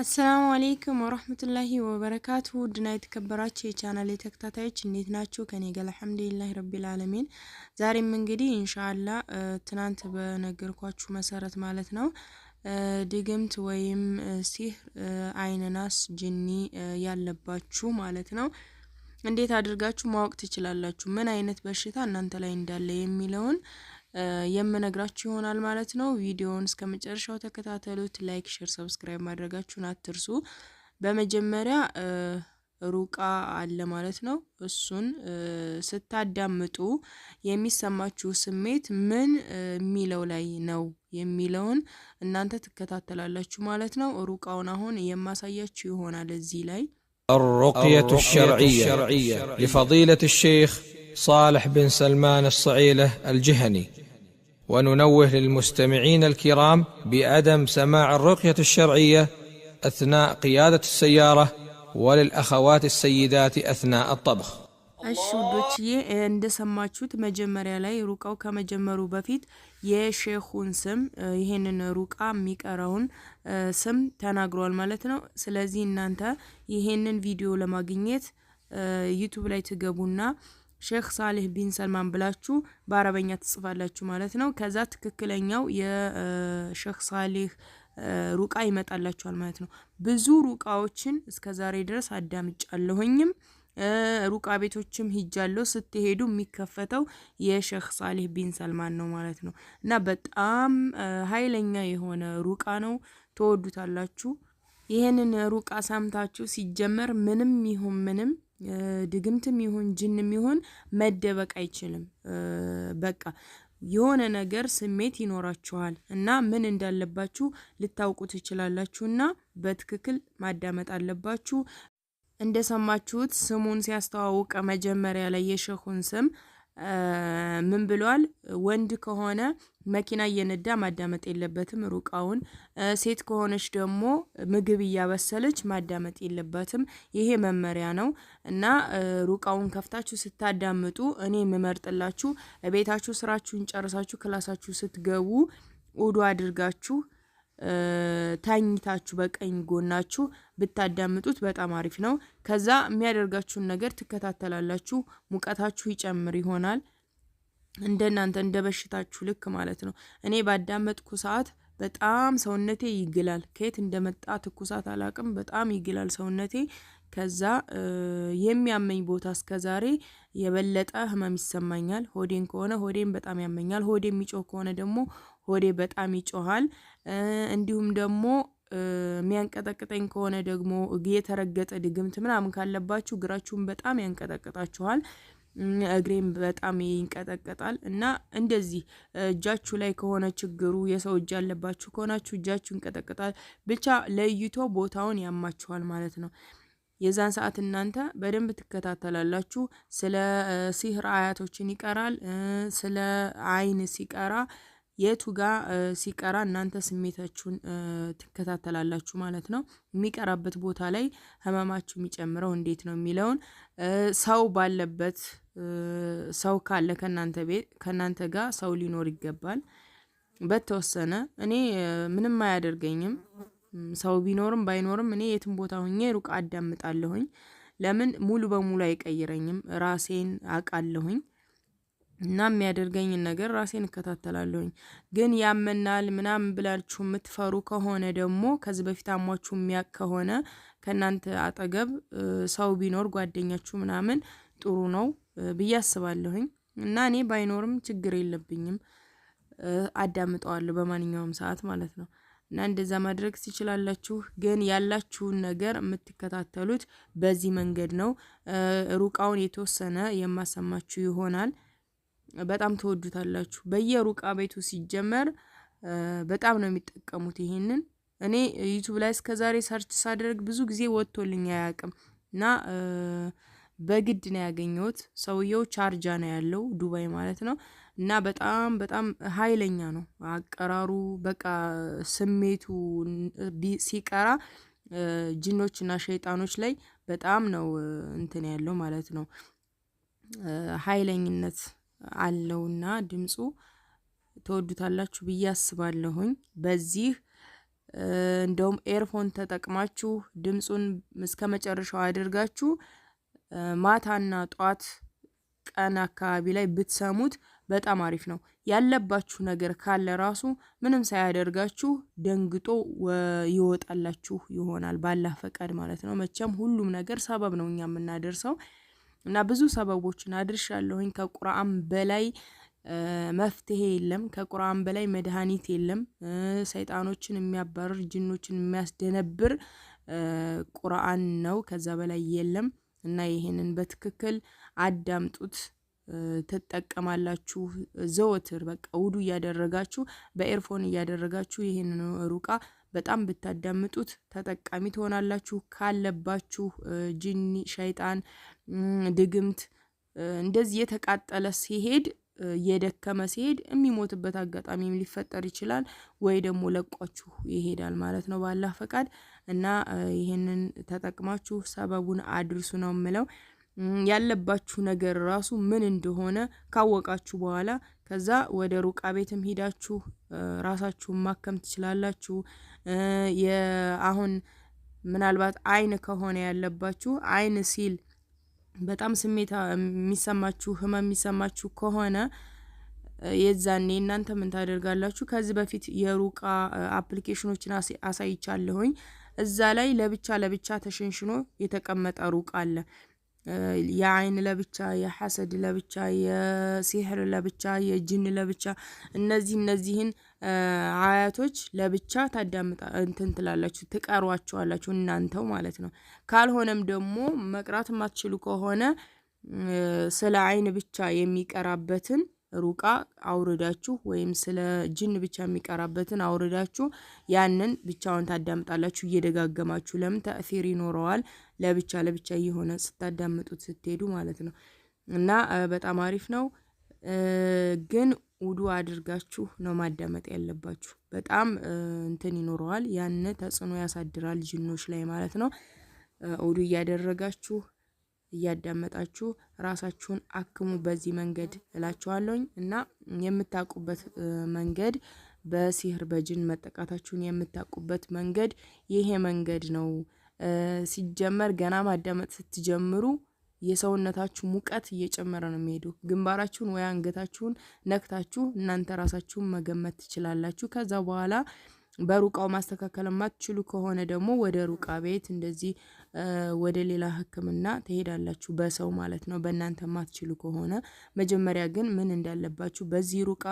አሰላሙ አሌይኩም ወረህመቱላሂ ወበረካቱ ውድና የተከበራችሁ የቻናል ተከታታዮች እንዴት ናችሁ? ከኔ ጋር አልሐምዱሊላህ ረቢል አለሚን። ዛሬም እንግዲህ እንሻላ ትናንት በነገርኳችሁ መሰረት ማለት ነው ድግምት ወይም ሲህር፣ አይነናስ ጅኒ ያለባችሁ ማለት ነው እንዴት አድርጋችሁ ማወቅ ትችላላችሁ? ምን አይነት በሽታ እናንተ ላይ እንዳለ የሚለውን የምነግራችሁ ይሆናል ማለት ነው። ቪዲዮውን እስከ መጨረሻው ተከታተሉት። ላይክ፣ ሼር፣ ሰብስክራይብ ማድረጋችሁን አትርሱ። በመጀመሪያ ሩቃ አለ ማለት ነው። እሱን ስታዳምጡ የሚሰማችሁ ስሜት ምን የሚለው ላይ ነው የሚለውን እናንተ ትከታተላላችሁ ማለት ነው። ሩቃውን አሁን የማሳያችሁ ይሆናል እዚህ ላይ الرقية الشرعية لفضيلة الشيخ صالح بن سلمان الصعيلة الجهني وننوه للمستمعين الكرام بعدم سماع الرقية الشرعية أثناء قيادة السيارة وللأخوات السيدات أثناء الطبخ እሺ ውዶችዬ እንደሰማችሁት መጀመሪያ ላይ ሩቃው ከመጀመሩ በፊት የሼኹን ስም ይሄንን ሩቃ የሚቀረውን ስም ተናግሯል ማለት ነው። ስለዚህ እናንተ ይሄንን ቪዲዮ ለማግኘት ዩቱብ ላይ ትገቡና ሼክ ሳሌህ ቢን ሰልማን ብላችሁ በአረበኛ ትጽፋላችሁ ማለት ነው። ከዛ ትክክለኛው የሼክ ሳሌህ ሩቃ ይመጣላችኋል ማለት ነው። ብዙ ሩቃዎችን እስከ ዛሬ ድረስ አዳምጫለሁኝም ሩቃ ቤቶችም ሂጃለሁ። ስትሄዱ የሚከፈተው የሼክ ሳሌህ ቢን ሰልማን ነው ማለት ነው እና በጣም ኃይለኛ የሆነ ሩቃ ነው። ተወዱታላችሁ። ይህንን ሩቃ ሰምታችሁ ሲጀመር ምንም ይሁን ምንም ድግምትም ይሁን ጅንም ይሁን መደበቅ አይችልም። በቃ የሆነ ነገር ስሜት ይኖራችኋል እና ምን እንዳለባችሁ ልታውቁ ትችላላችሁ እና በትክክል ማዳመጥ አለባችሁ። እንደሰማችሁት ስሙን ሲያስተዋውቀ መጀመሪያ ላይ የሸሁን ስም ምን ብሏል? ወንድ ከሆነ መኪና እየነዳ ማዳመጥ የለበትም ሩቃውን። ሴት ከሆነች ደግሞ ምግብ እያበሰለች ማዳመጥ የለበትም። ይሄ መመሪያ ነው እና ሩቃውን ከፍታችሁ ስታዳምጡ እኔ የምመርጥላችሁ ቤታችሁ ስራችሁን ጨርሳችሁ ክላሳችሁ ስትገቡ ውዱ አድርጋችሁ ተኝታችሁ በቀኝ ጎናችሁ ብታዳምጡት በጣም አሪፍ ነው። ከዛ የሚያደርጋችሁን ነገር ትከታተላላችሁ። ሙቀታችሁ ይጨምር ይሆናል እንደናንተ እንደ በሽታችሁ ልክ ማለት ነው። እኔ ባዳመጥኩ ሰዓት በጣም ሰውነቴ ይግላል። ከየት እንደመጣ ትኩሳት አላቅም። በጣም ይግላል ሰውነቴ። ከዛ የሚያመኝ ቦታ እስከዛሬ የበለጠ ህመም ይሰማኛል። ሆዴን ከሆነ ሆዴን በጣም ያመኛል። ሆዴ የሚጮህ ከሆነ ደግሞ ሆዴ በጣም ይጮሃል። እንዲሁም ደግሞ የሚያንቀጠቅጠኝ ከሆነ ደግሞ የተረገጠ ድግምት ምናምን ካለባችሁ እግራችሁን በጣም ያንቀጠቅጣችኋል። እግሬም በጣም ይንቀጠቀጣል እና እንደዚህ እጃችሁ ላይ ከሆነ ችግሩ የሰው እጅ ያለባችሁ ከሆናችሁ እጃችሁ ይንቀጠቀጣል። ብቻ ለይቶ ቦታውን ያማችኋል ማለት ነው። የዛን ሰዓት እናንተ በደንብ ትከታተላላችሁ። ስለ ሲህር አያቶችን ይቀራል። ስለ አይን ሲቀራ የቱ ጋር ሲቀራ እናንተ ስሜታችሁን ትከታተላላችሁ ማለት ነው። የሚቀራበት ቦታ ላይ ህመማችሁ የሚጨምረው እንዴት ነው የሚለውን ሰው ባለበት ሰው ካለ ከእናንተ ቤት ከእናንተ ጋር ሰው ሊኖር ይገባል። በተወሰነ እኔ ምንም አያደርገኝም። ሰው ቢኖርም ባይኖርም እኔ የትም ቦታ ሁኜ ሩቅ አዳምጣለሁኝ። ለምን ሙሉ በሙሉ አይቀይረኝም፣ ራሴን አውቃለሁኝ እና የሚያደርገኝን ነገር ራሴን እከታተላለሁኝ። ግን ያመናል ምናምን ብላችሁ የምትፈሩ ከሆነ ደግሞ ከዚህ በፊት አሟችሁ የሚያቅ ከሆነ ከእናንተ አጠገብ ሰው ቢኖር ጓደኛችሁ ምናምን ጥሩ ነው ብዬ አስባለሁኝ። እና እኔ ባይኖርም ችግር የለብኝም፣ አዳምጠዋለሁ በማንኛውም ሰዓት ማለት ነው። እና እንደዛ ማድረግ ትችላላችሁ። ግን ያላችሁን ነገር የምትከታተሉት በዚህ መንገድ ነው። ሩቃውን የተወሰነ የማሰማችሁ ይሆናል። በጣም ተወዱታላችሁ። በየሩቃ ቤቱ ሲጀመር በጣም ነው የሚጠቀሙት ይሄንን። እኔ ዩቱብ ላይ እስከዛሬ ሰርች ሳደርግ ብዙ ጊዜ ወጥቶልኝ አያውቅም እና በግድ ነው ያገኘሁት። ሰውየው ቻርጃ ነው ያለው ዱባይ ማለት ነው። እና በጣም በጣም ሀይለኛ ነው አቀራሩ። በቃ ስሜቱ ሲቀራ ጅኖች እና ሸይጣኖች ላይ በጣም ነው እንትን ያለው ማለት ነው። ሀይለኝነት አለውና ድምፁ ተወዱታላችሁ ብዬ አስባለሁኝ። በዚህ እንደውም ኤርፎን ተጠቅማችሁ ድምፁን እስከ መጨረሻው አድርጋችሁ ማታና ጧት ቀን አካባቢ ላይ ብትሰሙት በጣም አሪፍ ነው። ያለባችሁ ነገር ካለ ራሱ ምንም ሳያደርጋችሁ ደንግጦ ይወጣላችሁ ይሆናል ባላህ ፈቃድ ማለት ነው። መቼም ሁሉም ነገር ሰበብ ነው እኛ የምናደርሰው እና ብዙ ሰበቦችን አድርሻለሁኝ። ከቁርአን በላይ መፍትሄ የለም። ከቁርአን በላይ መድኃኒት የለም። ሰይጣኖችን የሚያባርር ጅኖችን የሚያስደነብር ቁርአን ነው። ከዛ በላይ የለም እና ይሄንን በትክክል አዳምጡት። ትጠቀማላችሁ። ዘወትር በቃ ውዱ እያደረጋችሁ በኤርፎን እያደረጋችሁ ይህንን ሩቃ በጣም ብታዳምጡት ተጠቃሚ ትሆናላችሁ። ካለባችሁ ጅኒ ሸይጣን፣ ድግምት እንደዚህ የተቃጠለ ሲሄድ እየደከመ ሲሄድ የሚሞትበት አጋጣሚም ሊፈጠር ይችላል፣ ወይ ደግሞ ለቋችሁ ይሄዳል ማለት ነው ባላህ ፈቃድ እና ይህንን ተጠቅማችሁ ሰበቡን አድርሱ ነው የምለው። ያለባችሁ ነገር ራሱ ምን እንደሆነ ካወቃችሁ በኋላ ከዛ ወደ ሩቃ ቤትም ሂዳችሁ ራሳችሁን ማከም ትችላላችሁ። አሁን ምናልባት አይን ከሆነ ያለባችሁ አይን ሲል በጣም ስሜት የሚሰማችሁ ህመም የሚሰማችሁ ከሆነ የዛኔ እናንተ ምን ታደርጋላችሁ? ከዚህ በፊት የሩቃ አፕሊኬሽኖችን አሳይቻለሁኝ። እዛ ላይ ለብቻ ለብቻ ተሸንሽኖ የተቀመጠ ሩቃ አለ። የአይን ለብቻ፣ የሐሰድ ለብቻ፣ የሲህር ለብቻ፣ የጅን ለብቻ እነዚህ እነዚህን አያቶች ለብቻ ታዳምጣ እንትን ትላላችሁ ትቀሯችኋላችሁ እናንተው ማለት ነው። ካልሆነም ደግሞ መቅራት ማትችሉ ከሆነ ስለ አይን ብቻ የሚቀራበትን ሩቃ አውርዳችሁ ወይም ስለ ጅን ብቻ የሚቀራበትን አውርዳችሁ ያንን ብቻውን ታዳምጣላችሁ እየደጋገማችሁ። ለምን ተእሲር ይኖረዋል። ለብቻ ለብቻ እየሆነ ስታዳምጡት ስትሄዱ ማለት ነው። እና በጣም አሪፍ ነው። ግን ውዱ አድርጋችሁ ነው ማዳመጥ ያለባችሁ። በጣም እንትን ይኖረዋል። ያን ተጽዕኖ ያሳድራል ጅኖች ላይ ማለት ነው። ውዱ እያደረጋችሁ እያዳመጣችሁ ራሳችሁን አክሙ በዚህ መንገድ እላችኋለሁኝ እና የምታውቁበት መንገድ በሲህር በጅን መጠቃታችሁን የምታውቁበት መንገድ ይሄ መንገድ ነው። ሲጀመር ገና ማዳመጥ ስትጀምሩ የሰውነታችሁ ሙቀት እየጨመረ ነው የሚሄዱ ግንባራችሁን ወይ አንገታችሁን ነክታችሁ እናንተ ራሳችሁን መገመት ትችላላችሁ። ከዛ በኋላ በሩቃው ማስተካከል ማትችሉ ከሆነ ደግሞ ወደ ሩቃ ቤት እንደዚህ ወደ ሌላ ሕክምና ትሄዳላችሁ፣ በሰው ማለት ነው። በእናንተ ማትችሉ ከሆነ መጀመሪያ ግን ምን እንዳለባችሁ በዚህ ሩቃ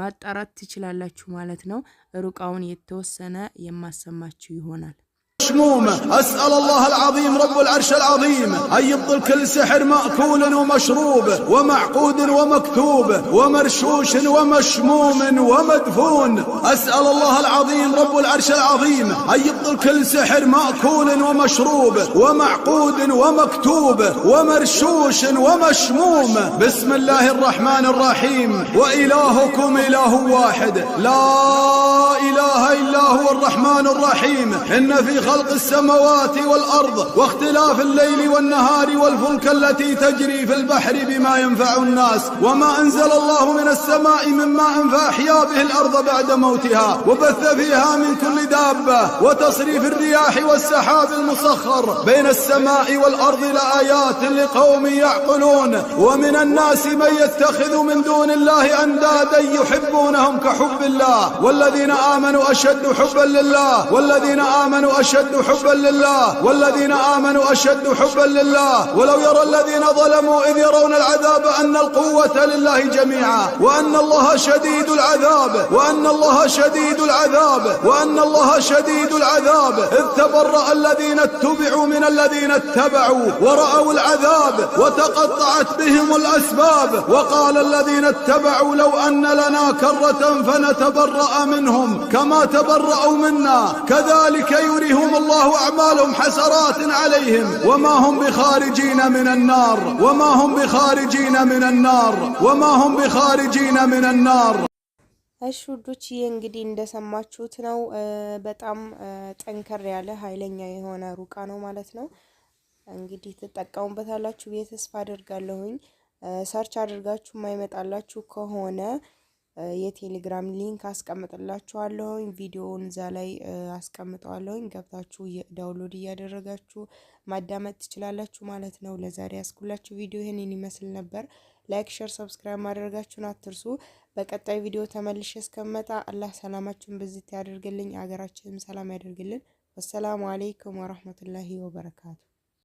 ማጣራት ትችላላችሁ ማለት ነው። ሩቃውን የተወሰነ የማሰማችሁ ይሆናል። مشمومة أسأل الله العظيم رب العرش العظيم أن يبطل كل سحر مأكول ومشروب ومعقود ومكتوب ومرشوش ومشموم ومدفون أسأل الله العظيم رب العرش العظيم أن يبطل كل سحر مأكول ومشروب ومعقود ومكتوب ومرشوش ومشموم بسم الله الرحمن الرحيم وإلهكم إله واحد لا إله إلا هو الرحمن الرحيم إن في خلق خلق السماوات والأرض واختلاف الليل والنهار والفلك التي تجري في البحر بما ينفع الناس وما أنزل الله من السماء مما ماء أحيا به الأرض بعد موتها وبث فيها من كل دابة وتصريف الرياح والسحاب المسخر بين السماء والأرض لآيات لقوم يعقلون ومن الناس من يتخذ من دون الله أندادا يحبونهم كحب الله والذين آمنوا أشد حبا لله والذين آمنوا أشد أشد حبا لله والذين آمنوا أشد حبا لله ولو يرى الذين ظلموا إذ يرون العذاب أن القوة لله جميعا وأن الله شديد العذاب وأن الله شديد العذاب وأن الله شديد العذاب إذ تبرأ الذين اتبعوا من الذين اتبعوا ورأوا العذاب وتقطعت بهم الأسباب وقال الذين اتبعوا لو أن لنا كرة فنتبرأ منهم كما تبرأوا منا كذلك يريهم يريهم الله أعمالهم حسرات عليهم وما هم بخارجين من النار وما هم بخارجين من النار وما هم بخارجين من النار እሺ ውዶች ይህ እንግዲህ እንደሰማችሁት ነው። በጣም ጠንከር ያለ ኃይለኛ የሆነ ሩቃ ነው ማለት ነው። እንግዲህ ትጠቀሙበታላችሁ ብዬ ተስፋ አድርጋለሁኝ። ሰርች አድርጋችሁ የማይመጣላችሁ ከሆነ የቴሌግራም ሊንክ አስቀምጥላችኋለሁኝ። ቪዲዮውን እዛ ላይ አስቀምጠዋለሁኝ። ገብታችሁ ዳውንሎድ እያደረጋችሁ ማዳመጥ ትችላላችሁ ማለት ነው። ለዛሬ ያስኩላችሁ ቪዲዮ ይህንን ይመስል ነበር። ላይክ፣ ሸር፣ ሰብስክራይብ ማድረጋችሁን አትርሱ። በቀጣይ ቪዲዮ ተመልሼ እስከመጣ አላህ ሰላማችን ብዝት ያደርግልኝ፣ አገራችንም ሰላም ያደርግልን። ወሰላሙ አሌይኩም ወረህመቱላሂ ወበረካቱ።